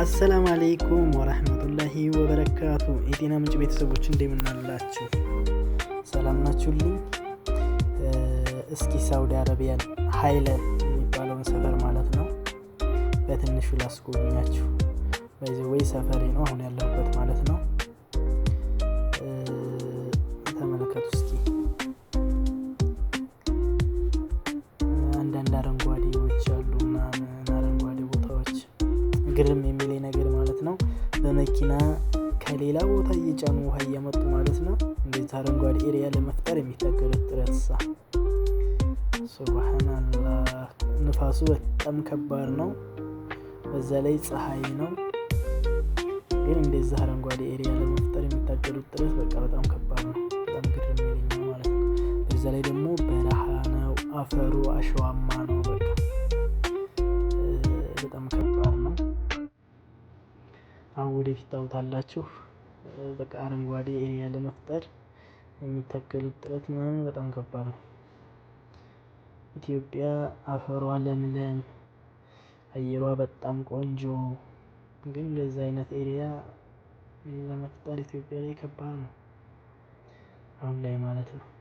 አሰላሙ አለይኩም ወራህመቱላ ወበረካቱ። የጤና ምንጭ ቤተሰቦች እንደምናላችሁ ሰላም ናችሁሉ እስኪ ሳውዲ አረቢያን ሀይለን የሚባለውን ሰፈር ማለት ነው በትንሹ ላስጎብኛችሁ። ወይ ሰፈሬ ነው አሁን ያለሁበት ማለት ነው ግርም የሚለኝ ነገር ማለት ነው። በመኪና ከሌላ ቦታ እየጫኑ ውሃ እያመጡ ማለት ነው። እንደዚህ አረንጓዴ ኤሪያ ለመፍጠር የሚታገሉት ጥረት ሳ ሱብሃናላህ። ንፋሱ በጣም ከባድ ነው። በዛ ላይ ፀሐይ ነው። ግን እንደዚህ አረንጓዴ ኤሪያ ለመፍጠር የሚታገሉት ጥረት በቃ በጣም ከባድ ነው። በጣም ግርም ማለት ነው። በዛ ላይ ደግሞ በረሃ ነው። አፈሩ አሸዋማ ነው በቃ ወደፊት ታውታላችሁ። በቃ አረንጓዴ ኤሪያ ለመፍጠር የሚተከሉት ጥረት ምናምን በጣም ከባድ ነው። ኢትዮጵያ አፈሯ ለምለም አየሯ በጣም ቆንጆ ግን እንደዚህ አይነት ኤሪያ ለመፍጠር ኢትዮጵያ ላይ ከባድ ነው። አሁን ላይ ማለት ነው